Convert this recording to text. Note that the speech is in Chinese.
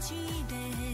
一杯。